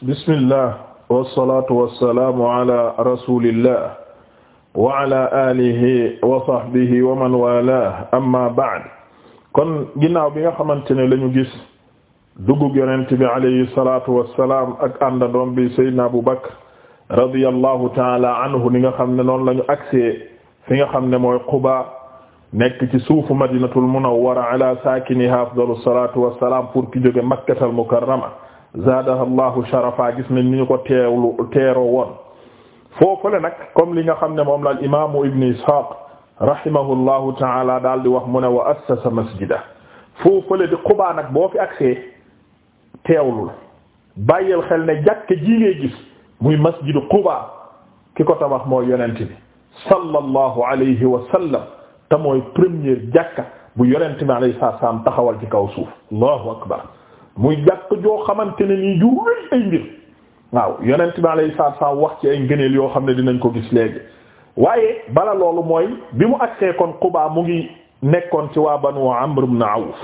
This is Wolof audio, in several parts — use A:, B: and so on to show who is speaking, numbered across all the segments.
A: bismillah wasalaatu wasalaamu ala rasulillah wa ala alihi wa sahbihi wa man walah amma ba'd kon ginnaaw bi nga xamante ne la ñu gis dugub yonent bi alayhi salaatu wasalaam ak àndandoom bi sayyidina Abu Bakr radiyallahu taala anhu ni nga xam ne noonu la ñu agsee fi nga xam ne mooy Quba nekk ci suufu madinatul munawwara ala saakiniha afdalu salaatu wasalaam pour ki jóge makkatal mukarrama zaadaha allahu sharafa gis nañ ni ñu ko teewlu teeroo woon foofale nag comme li nga xam ne moom la al imaamu ibn ishaq rahimahullahu taala daal di wax mu ne wa assasa masjida foofale di boo fi agsee teewlul bàyyil xel ne jàkk ji ngay gis muy masjidu xubaa ki ko tabax mooy yonent bi sallallahu alayhi wa sallam mooy première bu yonent bi alayhi salaam taxawal ci kaw suuf allahu akbar muy jàkk joo xamante ne nii ju ay mbir waaw yonent bi alayhi salaam wax ci ay ngëneel yoo xam ne dinañ ko gis léegi waaye bala loolu mooy bi mu agsee kon Quba mu ngi nekkoon ci waa ban wo Amr ibn Awf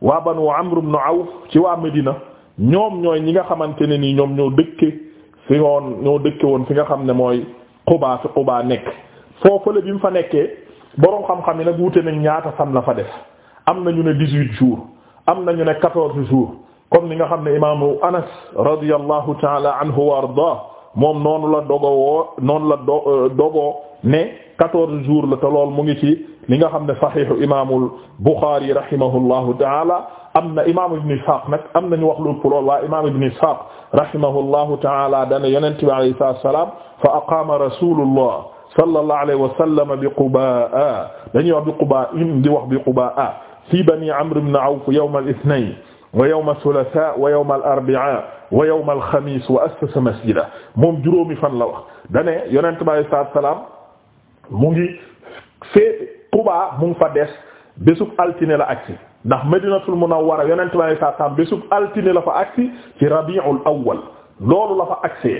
A: waa ban Banu Amr ibn Awf ci waa Medina ñoom ñooy ñi nga xamante ne nii ñoom ñoo dëkke fi ngoon ñoo dëkke woon fi nga xam ne mooy Quba fi Quba nekk foofu la bi mu fa nekkee boroom xam-xam yi nag wute nañ ñaata fan la fa def am nañu ne dix-huit am nañu ne quatorze jours comme ni nga xam ne imaamu Anas radiyallahu taala anhu wa ardaa moom noonu la dogoo noonu la do euh, dogoo ne quatorze jours la te mu ngi ci li nga xam ne saxiixu imaamul Buxaari rahimahullahu taala am na imaamu Ibn Isxaaq nag am nañu wax lu ëpp lool waaye imaamu Ibn Isxaaq rahimahullahu taala dana yonent bi alayhi salaam fa aqaama rasuulullah sallallahu alayhi wa sallam bi Qubaa dañuy wax bi Qubaa in di wax bi Qubaa fi bani amr ibn awf yawm al-ithnayn wa yawm ath-thulatha wa yawm al-arbi'a wa yawm al-khamis wa assasa masjida moom juróomi fan la wax dane yonent bi alayhi salaatu wa salaam mu ngi féete Quba mu ngi fa des bésub altine la agsi ndax Madinatul Munawwara yonent bi alayhi salaatu wa salaam bésub altine la fa agsi ci Rabi'ul Awwal loolu la fa agsee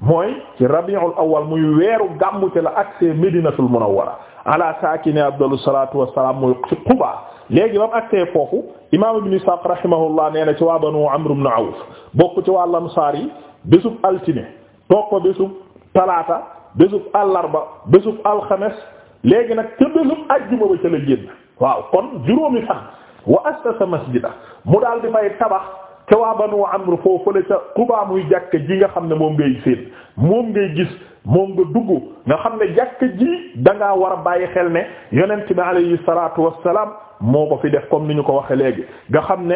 A: mooy ci Rabi'ul Awwal muy weeru gàmmu ci la agsee Madinatul Munawwara ala saakini afdalu salaatu wa salaam muy ci Quba léegi ba mu agsee foofu imaam ibn Isaaq rahimahullah nee na ci waa banu Amr ibn Awf bokk ci waa Ansaar yi bésub altine toog ko bésub talaata bésub àllarba bésub alxames léegi nag ca bésub ajjuma ba ca la génn waaw kon juróomi fan wa assasa masjida mu daal di fay tabax. ca waa Banu Amr foofu la ca Quba muy jàkk ji nga xam ne moom ngay séen moom ngay gis moom nga dugg nga xam ne jàkk ji da ngaa war bàyyi xel ne yonent bi alayhi salaatu wassalaam moo ko fi def comme ni ñu ko waxe léegi nga xam ne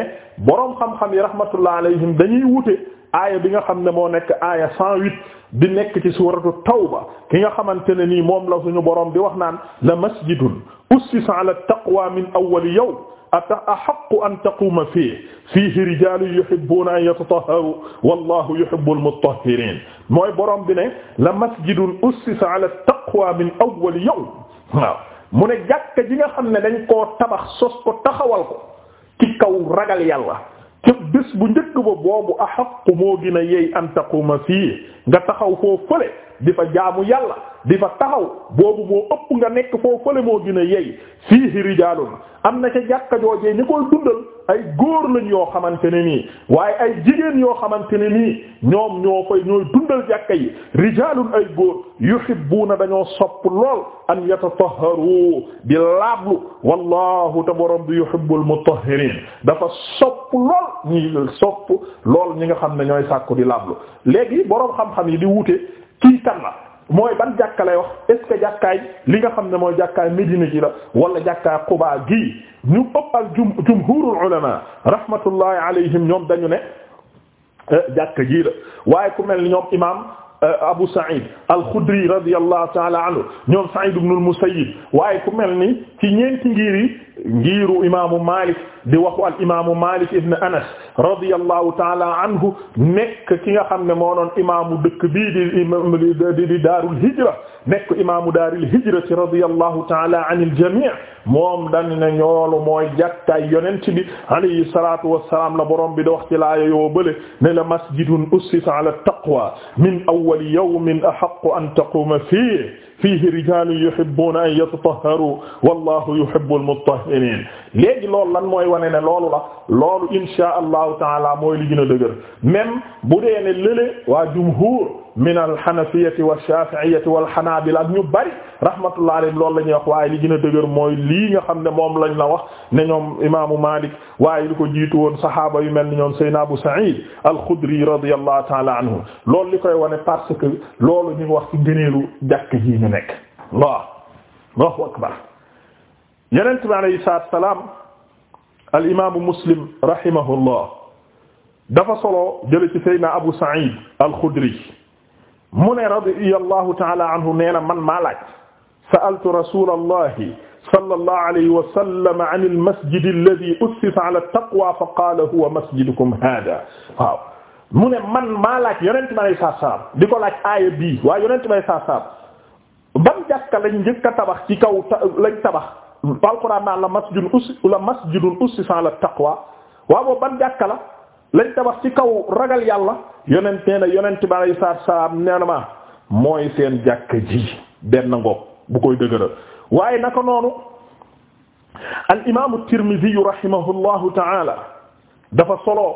A: boroom xam-xam yi rahmatullah alayhim dañuy wute aaya bi nga xam ne moo nekk aaya 108 di nekk ci suuratu tawba ki nga xamante ne nii moom la suñu boroom di wax naan la masjidun ussisa ala taqwa min awwali yow ahaqqu an taquuma fiihi fiihi rijaalun yuhibbuuna an yatatahharuu wallaahu yuhibbul mutahhiriin mooy borom bi ne la masjidun ussisa ala taqwa min awwali yawm waaw mu ne jàkka ji nga xam ne dañ koo tabax sos ko taxawal ko ci kaw ragal yàlla ci bés bu njëkk ba boobu ahaqqu moo gën a yey an taquuma fii nga taxaw foo fële di fa jaamu yàlla. di fa taxaw boobu moo ëpp nga nekk foo fële moo gën a yey fiihi rijaalun am na ca jàkka joojee ñi koy dundal ay góor lañ yoo xamante ne nii waaye ay jigéen yoo xamante ne nii ñoom ñoo koy ñooy dundal jàkka yi rijaalun ay góor yu yuhibbuuna dañoo sopp lool an yatatahharu di laablu wallahu te borom bi yuhibbul mutahhirin dafa sopp lool ñu sopp lool ñi nga xam ne ñooy sàkku di laablu léegi borom xam-xam yi di wute kii kan mooy ban jàkka lay wax est ce que jàkkaay li nga xam ne mooy jàkkaay Medina ji la wala jàkkaay Quba gi ñu ëpp al jum jumhurul ulama rahmatullahi alayhim ñoom dañu ne eh, jàkka ji la waaye ku mel ni ñoom imam Euh, Abu Sa'id al-Khudri radiyallahu ta'ala anhu ñoom Sa'id ibn al-Musayyib waaye ku mel ni ci ñeenti ngir yi ngiru imaamu Malik di waxu al imaamu Malik ibn Anas radiyallahu ta'ala anhu nekk ki nga xam ne moo doon imaamu dëkk bii di di di Daarul Hijra nekk imaamu daaril hijrati radiyallahu taala anil jamii moom dañ ne ñoolu mooy jàkkaay yonent bi alayhi salaatu wassalaam la borom bi da wax ci laaya yoo bële ne la masjidun ussisa ala taqwa min awwali yawmin ahaqqu an taquma fiihi fiihi rijaalun yuhibbuuna an yatatahharuu wallaahu yuhibbul mutahhiriin léegi loolu lan mooy wane ne loolu la loolu inshaa allahu taala mooy li gën a dëgër même bu dee ne lële waa jumhuur min alxanafiyati walshafiiyati walxanabila ak ñu bari rahmatullah alayhim loolu la ñuy wax waaye li gën a dëgër mooy lii nga xam ne moom lañ la wax ne ñoom imaamu Malik waaye li ko jiitu woon sahaaba yu mel ni ñoom Seydina Abu Sa'id al-Khudri radiyallahu ta'ala anhu loolu li koy wane parce que loolu ñu wax ci gëneelu jàkk ji ñu nekk Allah Allahu akbar yonent bi alayhi salaatu wa salaam al imaamu Muslim rahimahullah dafa solo jële ci Seydina Abu Sa'id al-Khudri mu ne radiyallahu ta'ala anhu nee na man maa laaj sa'altu rasulallahi sallallahu alayhi wa sallam an al-masjid alladhi ussisa ala at-taqwa fa qala huwa masjidukum hada waaw mu ne man maa laaj yonent bi alayhi salaatu salaam di ko laaj aaya bii waa yonent bi alayhi salaatu salaam ban jàkka lañ njëkk a tabax ci kaw lañ tabax alquran naa la masjidun ussisa la masjidun ussisa ala at-taqwa waaw boobu ban jàkka la lañ tabax ci kaw ragal yàlla yonent nee na yonent bi alay salaam nee ma mooy seen jàkk ji benn ngoog bu koy dëgëral waaye naka noonu al imaamu Tirmidhi rahimahullahu ta'ala dafa solo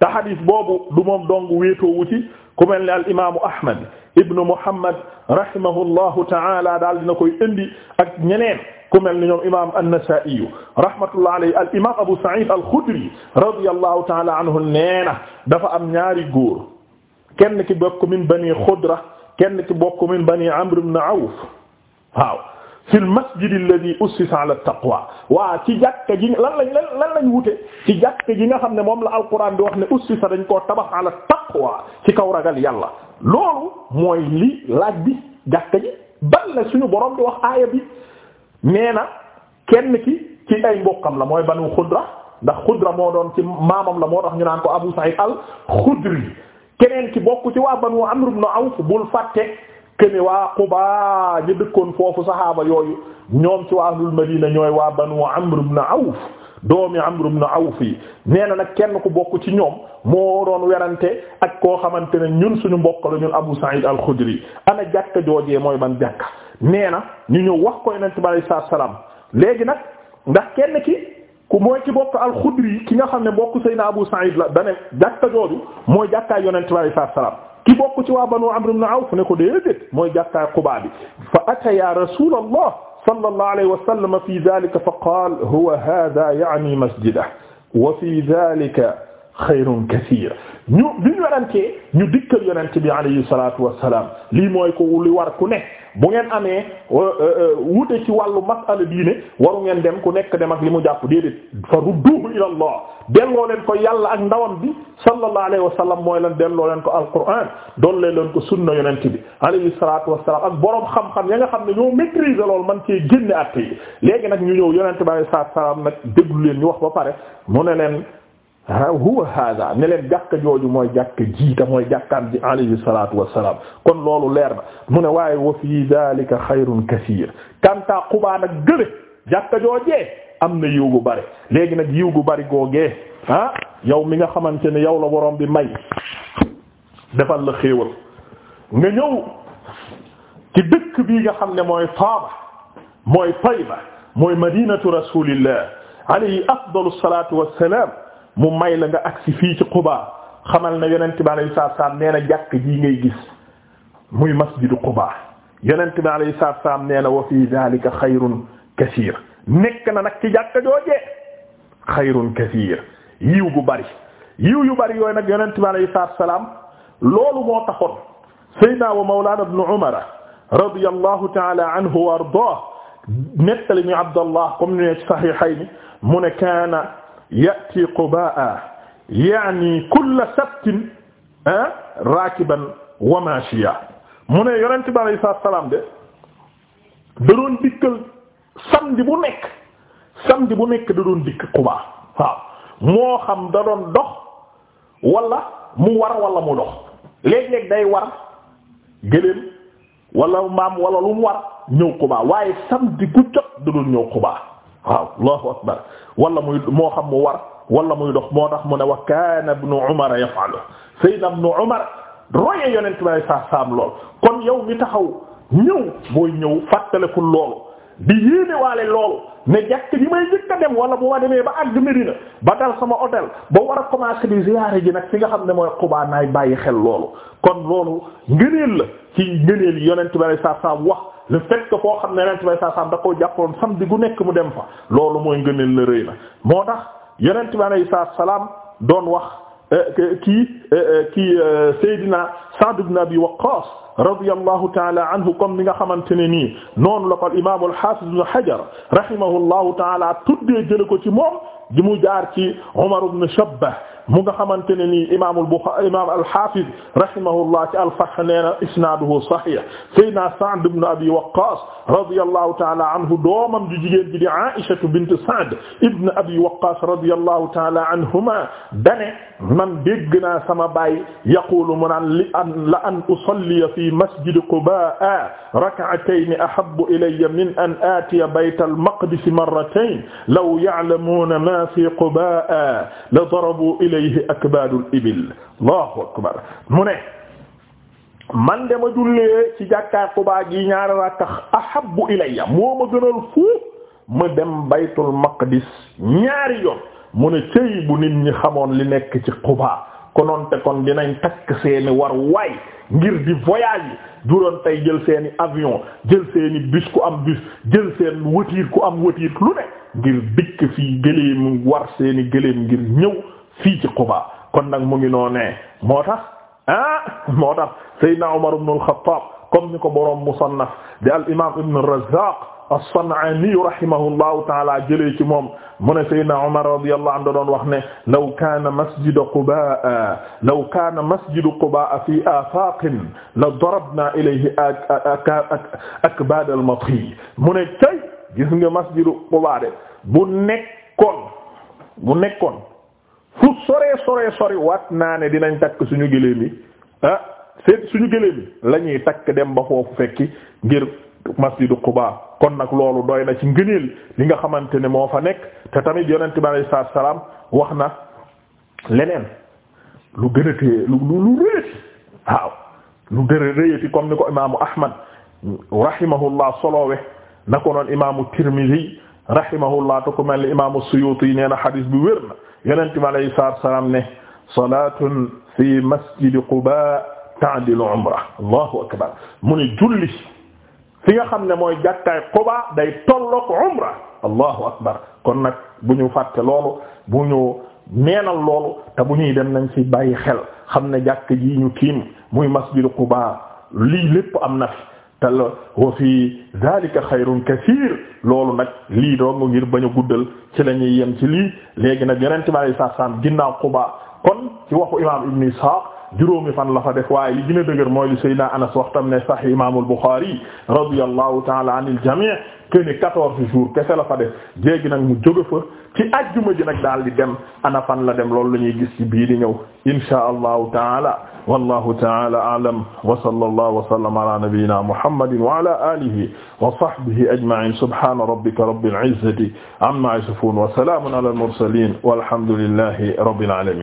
A: te xadiis boobu du moom dong wéetoowu ci ku mel ne al imaamu Ahmad ibnu Muhammad rahimahullahu ta'ala daal dina koy indi ak ñeneen ku mel ni ñoom imaam an-Nasaa'i rahmatullah alayhi al imaam Abu Sa'id al-Khudri radiyallahu ta'ala anhu nee dafa am ñaari góor kenn ki bokk min bani Khudra kenn ki bokk min bani Amr ibn Awf waaw fi al-masjid alladhi ussisa ala taqwa waa ci jàkka ji lan lañ lañ wute ci jàkka ji nga xam ne moom la alquran di wax ne ussisa dañ koo tabax ala taqwa ci kaw ragal yàlla loolu mooy laaj bi jàkka ji ban la suñu borom di wax aaya bi. nee na kenn ki ci ay mbokkam la mooy banu xudra ndax xudra moo doon ci maamam la moo tax ñu naan ko Abu Sa'id al-Xudri keneen ki bokk ci waa banu Amr ibn Awf bul fàtte kene waa Quba ñu dëkkoon foofu saxaaba yooyu ñoom ci waa ahlul Madina ñooy waa banu Amr ibn Awf doomi Amr ibn Awf yi nee na nag kenn ku bokk ci ñoom moo doon werante ak koo xamante ne ñun suñu mbokk la ñun Abu Sa'id al-Khudri ana jàkka joojee mooy ban jàkka nee na ñu ñëw wax ko yonent bi alayhi salaam léegi nag ndax kenn ki ku mooy ci bokk alxudri ki nga xam ne bokk Seydina Abu Sa'id la dane jàkka jooju mooy jàkkaay yonent bi alayhi salaatu salaam ki bokk ci waa Banu Amr ibn Awf ne ko déedéet mooy jàkkaay Quba bi fa ata ya Rasuulallah sallallahu alayhi wa sallam fi dhalika fa qaala huwa hadha ya'ni masjidahu wa fi dhalika xayrun kasiir ñu bi ñu werantee ñu dikkal yonent bi alayhi salaatu wassalaam lii mooy ko li war ku ne bu ngeen amee wute euh, euh, ci wàllu masala diine waru ngeen dem ku nekk dem ak li mu jàpp déedéet fa rudduhu ila allah delloo leen ko yàlla ak ndawam bi sallallahu alayhi wasallam mooy leen delloo leen ko alquran dolle leen ko sunna yonent bi alayhi salaatu wassalaam ak boroom xam-xam ya nga xam ne ñoo maîtriser loolu man cee génne atte léegi nag ñu ñëw yonant bi alayhi salaatu wassalaam nag leen ñu wax ba pare mu ne leen huwa hada ne leen jàkk jooju mooy jàkk jiita mooy jàkkaan ji alayhi salatu wassalam kon loolu leer na mu ne waaye wa fi dalika xayrun kasiir kanta xubaa nag gële jàkk joojee am na yiw gu bari léegi nag yiw gu bari googee ah yow mi nga xamante ne yow la borom bi may defal la xéewal nga ñëw ci dëkk bii nga xam ne mooy Taaba mooy Tayba mooy madinatu rasulillah alayhi afdalu salatu wassalam mu may la nga agsi fii ci Quba xamal na yonent bi alayhi salaatu salaam nee na jàkk ji ngay gis muy masjidu Quba yonent bi alayhi salaatu salaam nee na wa fi dhalika xayrun kasiir nekk na nag ci jàkka joojee xayrun kasiir yiw gu bari yiw yu bari yooyu nag yonent bi alayhi salaatu salaam loolu moo taxoon sayyidina wa mawlaana ibnu Umar radiyallahu ta'ala anhu wa ardaah nettali ñu Abdallah comme ni ci Sahihayn mu ne kaana yati qubaa yaani kulla sabtin ah, raakiban wa mu ne yonent bi alayhi salaam de da doon dikkal samedi bu nekk samedi bu nekk da doon dikk Quba waaw moo xam da doon dox wala mu war wala mu dox léeg-léeg day war gëléem wala maam wala lu mu war ñëw Quba waaye samedi bu jot da doon ñëw Quba waaw allahu akbar wala muy moo xam mu war wala muy dox moo tax mu ne wa kaana ibnu umar yafaalu sayyidna ibnu umar roye yonent bi saa saam lool kon yow mi taxaw ñëw booy ñëw fàttalikul loolu di yéene waale loolu ne jàkk bi may njëkk a dem wala bu ma demee ba àgg Medina ba dal sama hôtel ba war a commencer di ziyaare ji nag fi nga xam ne mooy Quba naay bàyyi xel loolu kon loolu ngëneel la ci ngëneel yonent bi saa saa wax le fait que foo xam ne yonent bi saa saa da koo jàppoon samedi gu nekk mu dem fa loolu mooy ngëneel na rëy na moo tax yonent bi saa salaam doon wax. kii euh, kii euh, euh, Seydina Sa'd ibn Abi Waqqas radiyallahu ta'ala anhu comme ni nga xamante ne nii noonu la ko al-imaam al-Haafiz ibn Hajar rahimahullahu ta'ala tuddee jële ko ci moom di mu jaar ci Umar ibn Shabbah mu nga xamante ne nii imaamul Buxaari imaam al-Haafiz rahimahullah ci al-Fath nee na isnaaduhu sahiih Seydina Sa'd ibn Abi Waqqaas radiyallahu ta'ala anhu doomam ju jigéen ji di Aïshatu bint Sa'd ibn Abi Waqqaas radiyallahu ta'ala anhuma dane man dégg naa sama baay yaqulu mu naan li an la an usalliya fi masjidi Qubaa rak'atayni ahabbu ilayya min an aatiya bayta al-maqdis marratayn law ya'lamuuna maa fi Qubaa la darabuu ilayhi ilayhi akbaadul ibil allahu akbar mu ne man de ma jullee ci jàkkaar Qubaa gi ñaari rakka ahabbu ilayya moo ma gënal fuuf ma dem baytul maqdis ñaari yoon mu ne cëy bu nit ñi xamoon li nekk ci Qubaa konoon te kon dinañ takk seeni war waay ngir di voyage yi juróon tey jël seeni avion jël seeni bus ku am bus jël seen wëtiir ku am wëtiir lu ne ngir dikk fii gëléem war seeni gëléem ngir ñëw fii ci Quba kon nag mu ngi noonee moo tax ah moo tax Seydina Umar ibn al-Khattab comme ni ko boroom Musannaf di al imaam Ibn al-Razzaq as-San'aani rahimahullahu ta'ala jëlee ci moom mu ne Seydina Umar radiyallahu anhu doon wax ne law kaana masjidu Qubaa law kaana masjidu Qubaa fi aafaaqin la darabnaa ilayhi akbaad al-matiyy mu ne tey gis nga masjidu Qubaa de bu nekkoon bu nekkoon fu soree soree sori waat naa ne dinañ takk suñu gëléem yi ah suñu gëléem yi la ñuy takk dem ba foofu fekki ngir masjidu Quba kon nag loolu doy na ci ngëneel li nga xamante ne moo fa nekk te tamit yonent bi salaam wax na leneen lu gën a téye lu lu lu réeti waaw lu gën a comme ni ko imaamu Ahmad rahimahullah solowe na ko noon imaamu Tirmidhi rahimahullah te ku mel ni imaamu Suyuti nee na xadis bi wér na yonent bi alayhi salaatu wa salaam ne salaatun fi masjidi Quba ta'dilu umra akbar mu ne julli fi nga xam ne mooy jàkkaay Quba day tolloog umra allahu akbar kon nag bu ñu fàtte loolu bu ñu neenal loolu te bu ñu dem nañ ci bàyyi xel xam ne jàkk ji ñu tiim muy masjidu Quba lii lépp am na tel wa fii zalika xayrun kasiir loolu nag lii doon ngir bañ a guddal ci la ñuy yem ci lii léegi nag yeneen tubaab yi sax ginnaaw Quba kon ci waxu imaam Ibn Ishaq juróomi fan la fa def waaye li gën a dëgër mooy li Seydina Anas waxtam ne sahih Imaamul Bukhari radiyallahu ta'ala anil jami' këne quatorze jours kese la fa def jéegi nag mu jóge fa ajjuma ji nag daal di dem ana fan la dem loolu la ñuy gis ci bii di ñëw inshaa allahu taala wallahu taala a'lam wa sallallahu wa sallama ala nabiyyina muhammadin wa ala alihi wa sahbihi ajma'in subhana rabbika rabbil izzati amma yasifun wa salamun ala al mursalin walhamdulillahi rabbil alamin